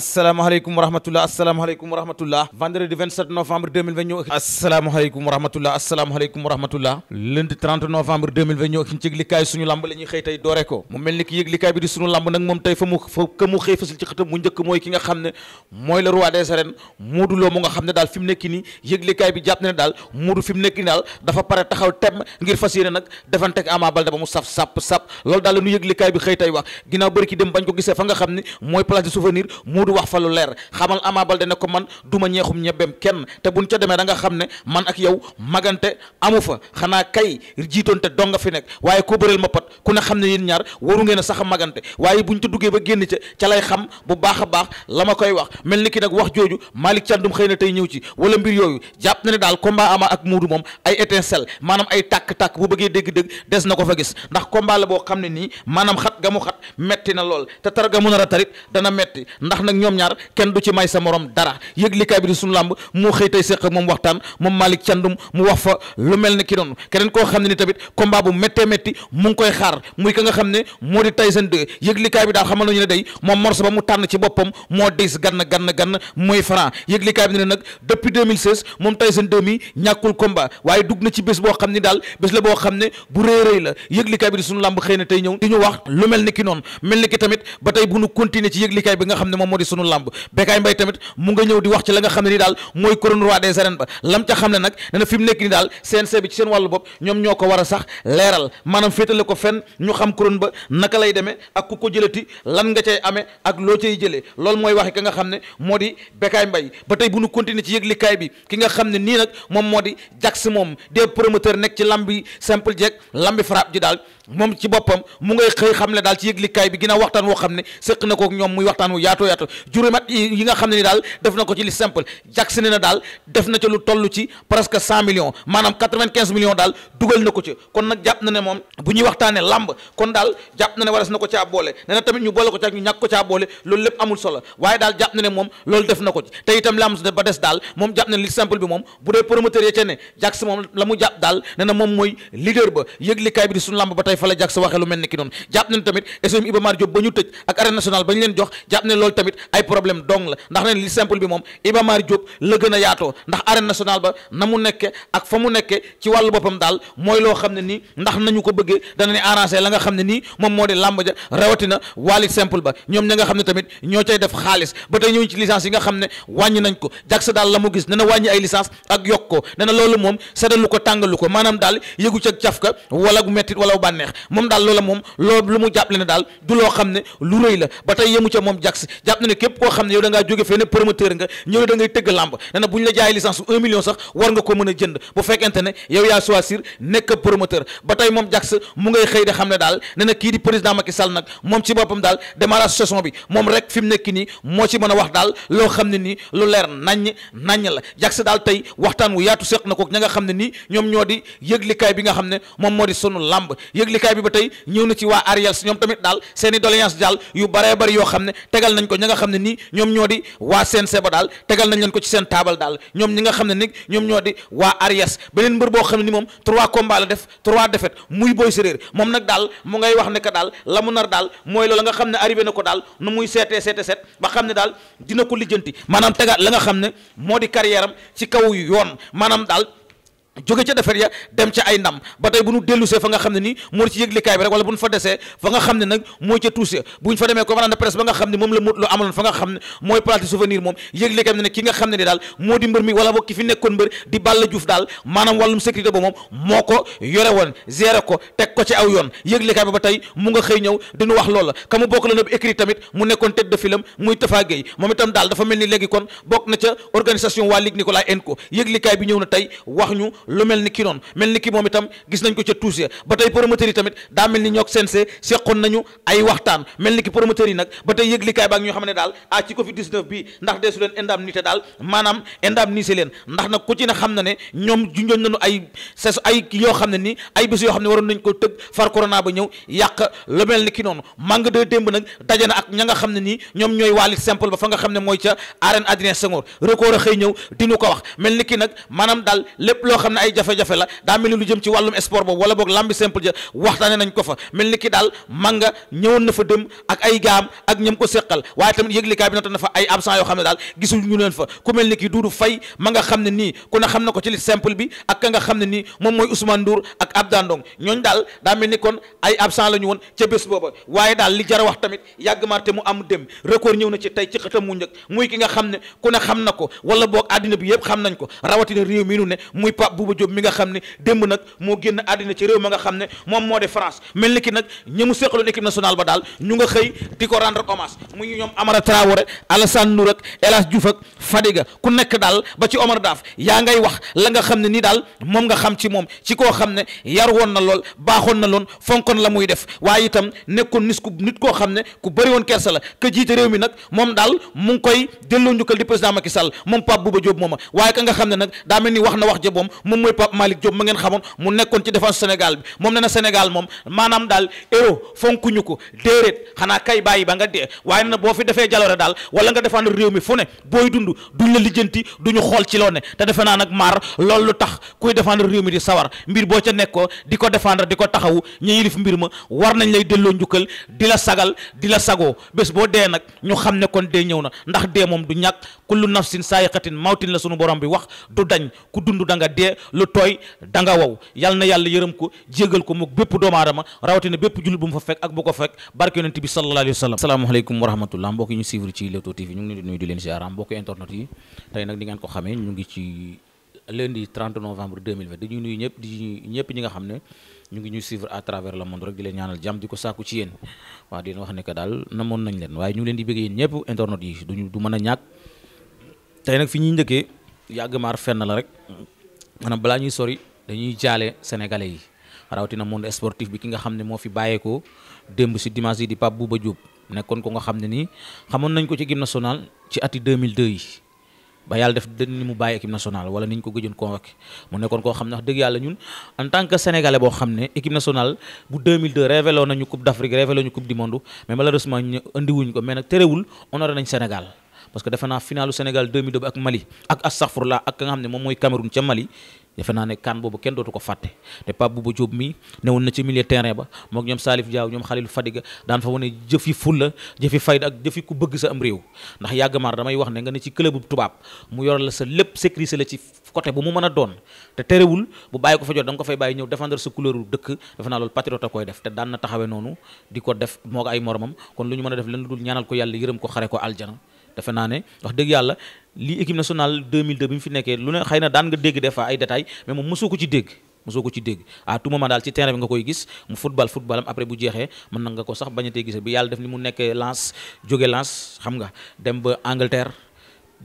asalaamaaleykum wa rahmatullah asalaamaaleykum wa rahmatullah vendredi 27 novembre 2020 ñëw ak asalaamaaleykum wa rahmatullah asalaamaaleykum wa rahmatullah lundi 30 novembre 2020 ñëw ak ci yëglikaay suñu lamb la xëy tey doore mu mel ni ki yëglikaay bi di suñu lamb nag moom tey fa mu xëy fasul ci xëtam mu njëkk mooy ki nga xam ne mooy le roi des arènes Modou mu nga xam ne daal fi mu nii yëglikaay bi Ama Baldé Modou wax fa lu leer xamal Ama Baldé ne ko man du ma ñeexum ñebem kenn te buñ ca demee da nga xam ne man ak yow magante amu fa xanaa kay jiitoonte donga fi nekk waaye ko bëreel ma pat ku ne xam ne yéen ñaar waru ngeen a sax magante waaye buñ ca duggee ba génn ca ca lay xam bu baax a baax la ma koy wax mel ni ki nag wax jooju Malick Thiandoum xëy na tey ñëw ci wala mbir yooyu jàpp na ne daal combat Ama ak Modou moom ay étincelle maanaam ay tàkk-tàkk bu bëggee dégg-dégg des na ko fa gis ndax combat la boo xam ne nii maanaam xat ga mu xat na lool ñoom ñaar kenn du ci may sa morom dara yëglikaay bi di sunu làmb moo xëy tey séq ak moom waxtaan moom Malick Thiandoum mu wax fa lu mel ni ki noonu mel ni ki tamit ba tey bu ñu continuer ci yëglikaay bi nga xam ne moom di sunu làmb Bécaye Mbaye tamit mu nga ñëw di wax ci la nga xam ne ni daal mooy couronne roi des arènes ba lam ca xam ne nag ne na nekk ni daal CNG bi ci seen wàllu bopp ñoom ñoo ko war a sax leeral maanaam féetale ko fenn ñu xam couronne ba naka lay demee ak ku ko jëlati lan nga cay amee ak loo cay jëlee loolu mooy waxi ka nga xam ne moo di Bécaye Mbaye ba tey bu ñu continuer ci yëglikaay bi ki nga xam ne nii nag moom moo di Jax moom des promoteur nekk ci lambi simple jeeg lambi juróomi at yi nga xam ne ni daal def na ko ci li simple Jackson ne na daal def na ca lu toll ci presque cent millions maanaam quatre-vingt-quinze millions daal dugal na ko ci boole nee tamit ñu boole ko caa boole loolu lépp amul solo waaye daal jàpp na ne moom loolu def na ko ci te itam la mu jàpp daal ne moom mooy leader ba yëglikaay bi di suñu làmb ba tey fa la Jackson waxee lu mel ni ki noonu jàpp na ne tamit SOM Iba Mar Diop ba ñu tëj ak arène nationale ba ñu leen jox jàpp ne loolu ay problème dong la ndax nen li simple bi moom Iba Mar la gën a yaatoo ndax arène nationale ba na mu nekke ak fa mu nekke ci wàllu boppam daal mooy loo xam ne nii ndax nañu ko bëggee dana ni arrangé la nga xam ne nii moom moo di làmb ja rawatina wàlli simple ba ñoom ña nga xam ne tamit ñoo cay def xaalis ba tey ñëw ci licence yi nga xam ne wàññi nañ ko jag daal la mu gis ne na wàññi ay licence ak yokk ko ne na loolu moom seddalu ko tàngalu ko maanaam daal yëgu ca cafka wala gu mettit wala bànneex moom daal loola moom loolu lu mu la ba tey yemu ne képp koo xam ne yow da ngaa jóge fenn promoteur nga ñëw da ngay tëgg làmb nee bu ñu la jaay licence un million sax war nga ko mën a jënd bu fekkente ne yow yaa choisir nekk promoteur ba tey moom Jax mu ngay xëy di xam ne daal nee kii di président Macky Sall nag moom ci boppam daal démarrage association bi moom rek fi nekk nii moo ci mën a wax daal loo xam ne nii lu leer naññ naññ la Jax daal tey waxtaan wu yaatu seq na ko ña nga xam ne nii ñoom ñoo di yëglikaay bi nga xam ne moom moo di sunu làmb yëglikaay bi ba tey ñëw na ci waa Ariel ñoom tamit daal seen i doléance daal yu baree bari yoo xam xam ne nii ñoom ñoo di waa CNG ba daal tegal nañ leen ko ci seen taabal daal ñoom ñi nga xam ne ni ñoom ñoo di waa Ariès beneen mbër boo xam ne ni moom trois combats la def trois défaites muy Boy Séréer moom nag daal mu ngay wax ne que daal la mu nar daal mooy loola nga xam ne arrivé na ko daal nu muy seetee seete seet ba xam ne daal dina ko lijjanti maanaam tegaat la nga xam ne moo di carrière am ci kaw yoon maanaam daal jóge ca defar ya dem ca ay ndam ba tey bu ñu dellusee fa nga xam ne nii moo ci yëglikaay bi rek wala bu ñu fa desee fa nga xam ne nag mooy ca tuuse bu ñu fa demee conférence de presse ba nga xam ne moom la Modou Lo amaloon fa nga xam ne mooy place souvenir moom yëglikaay bi ne ki nga xam ne ni daal moo di mbër mi wala bokk ki fi nekkoon mbër di Balla Diouf daal maanaam wàllum sécurité ba moom moo ko yore woon géré ko teg teg ko ci aw yoon yëglekaay bi ba tey mu nga xëy ñëw diñu wax loola ka mu bokk la na écrit tamit mu nekkoon tête film muy Tafa moom itam daal dafa mel ni léegi kon bokk na ca organisation waa Ligue Nicolas Enco yëglekaay bi ñëw na tey wax ñu lu mel ni ki noonu mel ni ki moom itam gis nañ ko ca tuuse ba tey promoteur tamit daa mel ni ñoog CNG seqoon nañu ay waxtaan mel ni ki promoteur nag ba tey yëglekaay baa ñoo xam ne daal ah ci covid tëgg far corona ba ñëw yàq la mel ni ki noonu manque de démb nag daje na ak ña nga xam ne nii ñoom ñooy waa lutte simple ba fa nga xam ne mooy ca arène Adrien Senghor record a xëy ñëw dinu ko wax mel ni ki nag maanaam daal lépp loo xam ne ay jafe la daa mel ni lu jëm ci wàllum sport boobu wala boog lambi simple ja waxtaane nañ ko fa mel ni ki daal manga ñëwoon na fa dem ak ay gaam ak ñam ko seqal waaye tamit yëglikaay bi nata na fa ay absent yoo xam ne daal gisul ñu leen fa ku mel ni ki Doudou Faye ma nga xam ne nii ku ne xam na ko ci lutte simple bi ak ka nga xam ne nii moom mooy Ousmane Ndour ak Abda Ndong daa mel ni kon ay absent la ñu woon ca bés booba waaye daal li jara tamit yàgg maar te mu am dem record ñëw na ci tey ci xëtam mu njëkk muy ki nga xam ne ku ne xam na ko wala boog àddina bi yëpp xam nañ ko rawatina réew mi nu ne muy Pape Bouba Diop mi nga xam ne démb nag moo génn àddina ci réew ma nga xam ne moom moo de France mel ni ki nag ñi mu seqaloon équipe nationale ba daal ñu nga xëy di ko rendre hommage muy ñoom ba ci Omar a yaa ngay wax la nga xam ne ni daal moom nga xam ci moom ci koo baaxoon na loon fonkoon la muy def waaye itam nekkoon nis ku nit koo xam ne ku bëri woon kersa la ke jiite réew mi nag moom daal mu ngi koy delloo njukkal di président Macky Sall moom Pape Bouba Diop mooma nga xam ne nag daa mel ni wax na wax ja boom moom mooy xamoon mu nekkoon ci défense Sénégal bi moom ne na Sénégal moom maanaam daal héros fonkuñu ko déeréet xanaa kay bàyyi ba nga dee waaye na boo fi defee jaloore daal wala nga defaan réew mi fu ne la lijjanti duñu xool ci loo ne te defe naa nag maar loolu boo ca nekkoo di ko défendre di ko taxawu ñu yilif mbir ma war nañ lay delloo njukkal di la sagal di la sagoo bés boo dee nag ñu xam ne kon dee ñëw na ndax dee moom du ñàkk kullu nafsin saayiqatin mawtin la sunu borom bi wax du dañ ku dund da nga dee lu tooy da nga wow yal na yàlla yërëm ko jégal ko mook bépp doomu aadama rawatina bépp jullit bu mu fa fekk ak bu ko fekk barke yonent bi sallallahu alayhi wa sallam asalaamaaleykum wa rahmatullah mbokk yi ñu suivre ci Leewtoo TV ñu ngi leen di nuyu di leen ziaram mbokk internet yi tey nag di ngeen ko xamee ne ñu ngi ñuy suivre à travers le monde rek di leen ñaanal jàmm di ko sàkku ci yéen waaw di wax ne que daal namoon nañ leen waaye ñu leen di bëgg yéen ñëpp internet yi duñu du mën a ñàkk tey nag fi ñuy njëkkee yàgg maar fenn la rek maanaam balaa ñuy sori dañuy jaale sénégalais yi rawatina monde sportif bi ki nga xam ne moo fi bàyyeekoo démb si dimanche yi di Pape Bouba Diop nekkoon ko nga xam ne nii xamoon nañ ko ci équipe nationale ci ati 2002 yi ba yàlla def dañ ni mu bàyyi équipe nationale wala ni ñu ko gëjoon convoqué mu nekkoon koo xam ne wax dëgg yàlla ñun en tant que sénégalais boo xam ne équipe nationale bu 2002 révélé nañu coupe d' afrique révélé nañu coupe du monde mais malheureusement ñu indiwuñ ko mais nag terewul honoré nañ Sénégal parce que defe naa finalu Sénégal 2002 bi ak Mali ak astaghfirullah ak ka nga xam ne moom mooy Cameroun ca Mali defe naa ne kan boobu kenn dootu ko fàtte te Pape Bouba Diop mi newoon na ci milieu terrain ba mook ñoom Salif Diaw ñoom Khalil Fadiga daan fa wane jëfi fulla jëfi fayda ak jëfi ku bëgg sa am réew ndax yàgg maar damay wax ne nga ne ci club tubaab mu yor la sa lépp sécuriser la ci côté bu mu mën a doon te terewul bu bàyyi ko fa jot da nga ko fay bàyyi ñëw défendre sa couleur dëkk defe na taxawee noonu ko def moo ko kon lu ñu mën a def leen dul ko yàlla yërëm ko xare ko aljana defe naa ne wax dëgg yàlla lii équipe nationale 2002 bi mu fi nekkee lu ne xëy na daan nga dégg des fois ay détails mais moom mosoo ko ci dégg mosoo ko ci dégg à tout daal ci terrain bi nga koy gis mu football footballam après bu jeexee mën na nga ko sax bañ a bi yàlla def ni mu nekkee Lens jóge Lens xam nga dem ba Angleterre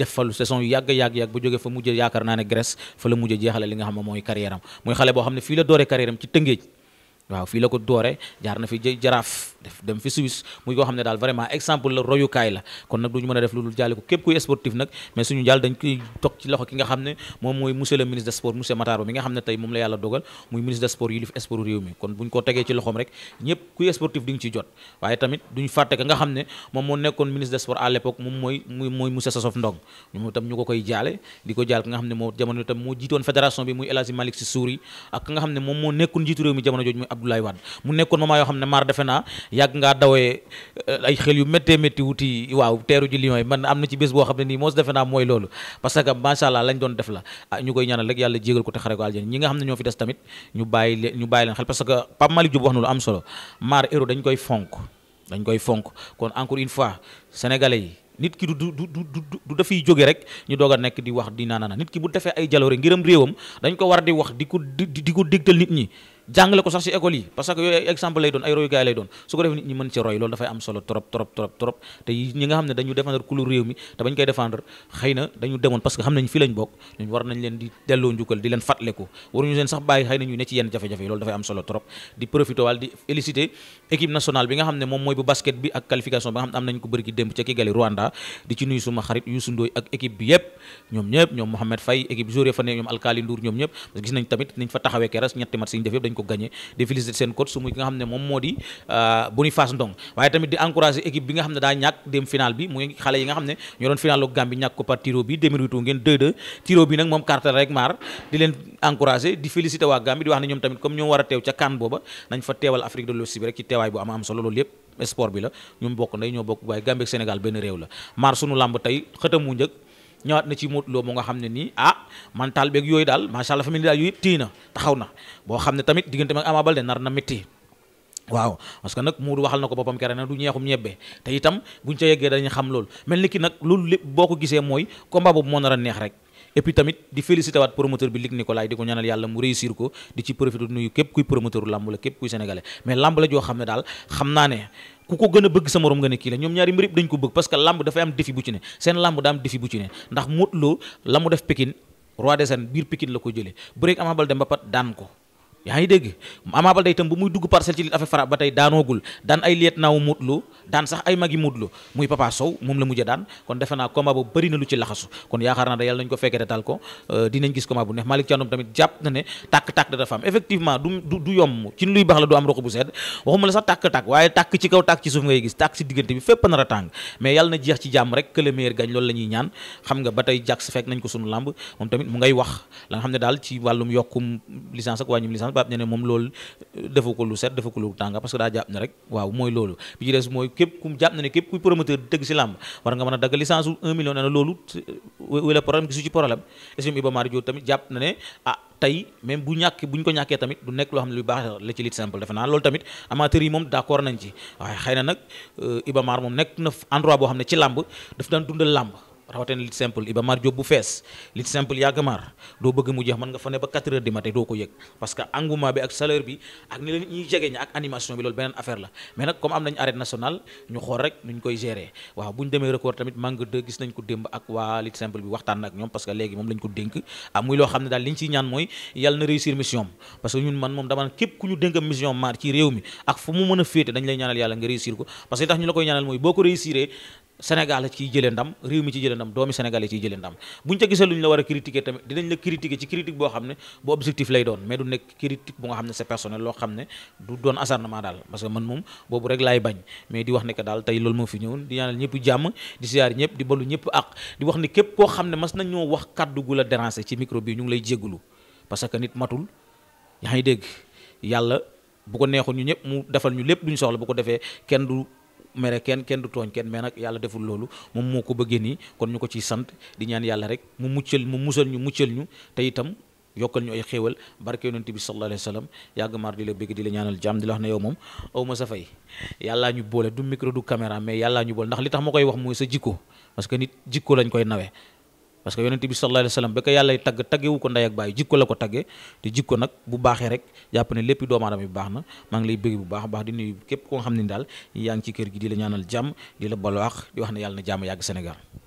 def fa lu saison yu yàgg yàgg yàgg ba jóge fa mujj yaakaar naa ne Grèce fa la mujj jeexale li nga xam ne mooy carrière waaw fii la ko doore jaar na fi jaraaf dem fi Suisse muy koo xam ne daal vraiment exemple la royukaay la kon nag du ñu mën a def lu jaale ko képp kuy sportif nag mais suñu jaal dañ koy toog ci loxoom rek ñëpp kuy sportif di nga ci jot waaye tamit duñ fàtte ka nga xam ne moom moo nekkoon jiitu réew mi jamono jooju muy Abdoulaye Wade mu nekkoon moment yoo xam ne maar defe naa yàgg ngaa dawee eh, ay xel yu méttee métti wuti waaw teeru ji yi man am na ci bés boo xam ne nii moos defe naa mooy loolu parce que macha allah lañ doon def la ah ñu koy ñaanal rek yàlla jégal ko te xare ko aljana ñi nga xam ne ñoo fi des tamit ñu bàyyi leen xel parce que Pape Malick wax na lu am solo maar héros dañ koy fonk dañ koy fonk kon encore une fois sénégalais yi nit ki du du du du du d jóge rek ñu doog nekk di wax di naanana nit ki bu jàngale ko sax ci école yi parce que yooyu exemple lay doon ay royukaay lay doon su ko defee nit ñi mën ci roy loolu dafay am solo trop trop trop te ñi nga xam ne dañu défendre couleur réew mi te bañ koy défendre xëy na dañu demoon parce que xam nañ fi lañ bokk ñun ñu ne ci yenn jafe-jafe bi nga xam ne moom mooy bu basket bi ak qualification bi nga xam ne am nañ ko bëri ki démb ca Kigali Rwanda di ci nuyu suma xarit Youssou Ndoye ak équipe lañ ko gagné di féliciter seen coach su muy nga xam ne moom moo di euh, Boniface Ndong waaye tamit di encourager équipe bi nga xam ne daa ñàkk dem final bi muy xale yi nga xam ne ñoo doon final ak ñàkk ko par tiro bi déméritu ngeen 2-2 tiro bi nag moom cartel rek maar di leen encourager di féliciter waa Gambie di wax ne ñoom tamit comme ñoom war a teew ca CAN booba nañ fa teewal Afrique de l'Ouest bi rek ci teewaay bu am am solo loolu yëpp sport ñëwaat na ci Modou Lo mu nga xam ne nii ah mental beeg yooyu daal macha allah fa mel daal yooyu yëpp téye na taxaw na boo xam ne tamit diggante ak Ama Baldé nar na métti waaw parce que nag Modou waxal na ko boppam kere na du ñeexum ñebbe te itam buñ ca yeggee xam loolu mel ni ki nag loolu boo ko gisee mooy combat boobu moo nar a neex rek. et puis tamit di félicité waat promoteur bi Luc Nicolaï di ko ñaanal yàlla mu réussir ko di ci profité nuyu képp kuy promoteur làmb la képp kuy sénégalais mais làmb la joo xam ne daal xam naa ne ku ko gën a bëgg sa morom nga ne kii la ñoom ñaari mbir yëpp ko bëgg parce que lamb dafay am défi bu ci ne seen lamb daa am défi bu ci ne ndax Modou Lo la mu def Pikine roi des arènes biir Pikine la ko jëlee bu rek Ama Baldé mbapat daan ko yaa ngi dégg Ama Baldé itam bu muy dugg parcelle ci lutte avec frappe ba tey daanoogul daan ay liet naaw Modou Lo daan sax ay magi Modou Lo muy Papa Sow moom la mujjee daan kon defe naa combat bu bëri na lu ci laxasu kon yaakaar naa da yàlla nañu ko fekkee tal ko euh, dinañ gis combat bu neex Malick Thiandoum tamit jàpp na ne tàkk-tàkk am effectivement du du ci luy baax la du am roq bu sedd waxuma la sax tàkk-tàkk waaye tàkk ci kaw tàkk ci suuf ngay gis tàkk bi fépp nar a tàng mais yàlla na jeex ci jàmm rek que le meilleur gagne loolu la ñuy ñaan xam nga ba tey jàk fekk ne daal ci wàllum yokkum licence ak baab ñene moom loolu euh, defu ko lu set defu ko lu tànga parce que daa jàpp ne rek waaw mooy loolu bi ci mooy képp ku jàpp ne ne képp kuy euh, problème gisu ci problème tamit jàpp na ne ah tey même bu ñàkk bu ko ñàkkee tamit du nekk loo xam ne lu baax la ci lit simple defe naa loolu tamit amateurs yi moom d'accord nañ ci waaye xëy na nag euh, Iba moom nekk na endroit boo xam ne ci làmb daf daan dundal làmb rawatina lit simple Iba Mar Diop bu fees lit simple yàgg maar doo bëgg mu jeex nga fa ne ba 4 heures du matin doo ko yëg parce que bi ak salaire bi ak ni leen ñuy jege ñi ak animation bi loolu beneen affaire la mais nag comme am nañu arène nationale ñu xool rek nuñ koy gérer waaw bu ñu demee record tamit manque de gis nañ ko démb ak waa lit simple bi waxtaan na ñoom parce léegi moom lañ ko dénk ah muy loo xam ne daal li ñu ñaan mooy Sénégal ciy jëlee ndam réew mi ci jëlee ndam doomi Sénégal yi ciy jëlee ndam buñ ca gisee lu ñu la war a critiquer tamit dinañ la critiquer ci critique boo xam ne bu objectif lay doon mais du nekk critique bu nga xam ne c'est personnel loo xam ne du doon acharnement daal parce man moom boobu rek laay bañ mais di wax ne que daal tey loolu moo fi ñëwoon di ñaanal ñëpp jàmm di siyaar ñëpp di balu ñëpp ak di wax ne képp koo xam ne ñu ngi lay jégalu parce matul yaa dégg yàlla bu ko lépp duñ soxla ko defee mere kenn kenn du tooñ kenn mais nag yàlla deful loolu moom moo ko bëggee nii kon ñu ko ciy sant di ñaan yàlla rek mu muccal mu musal ñu muccal ñu te itam yokkal ñu ay xéewal barke yonent bi sallallahu alayhi wa sallam yàgg maar di la bëgg di la ñaanal jàmm di la wax na yow moom aw ma sa fay yàllaa ñu boole du micro du caméra mais yàllaa ñu boole ndax li tax ma koy wax mooy sa jikko parce que nit jikko lañ koy nawee parce que yonente bi sallallahu alayhi wa sallam ba ko yàlla tagg taggewu ko ndey ak bàyyi jikko la ko tagge te jikko nag bu baaxee rek jàpp ne lépp doomu aadama bi baax na maa ngi lay bëgg bu baax baax di nuyu képp koo xam ne daal yaa ngi ci kër gi di la ñaanal jàmm di la balwaax di wax ne yàlla na jàmm yàgg Sénégal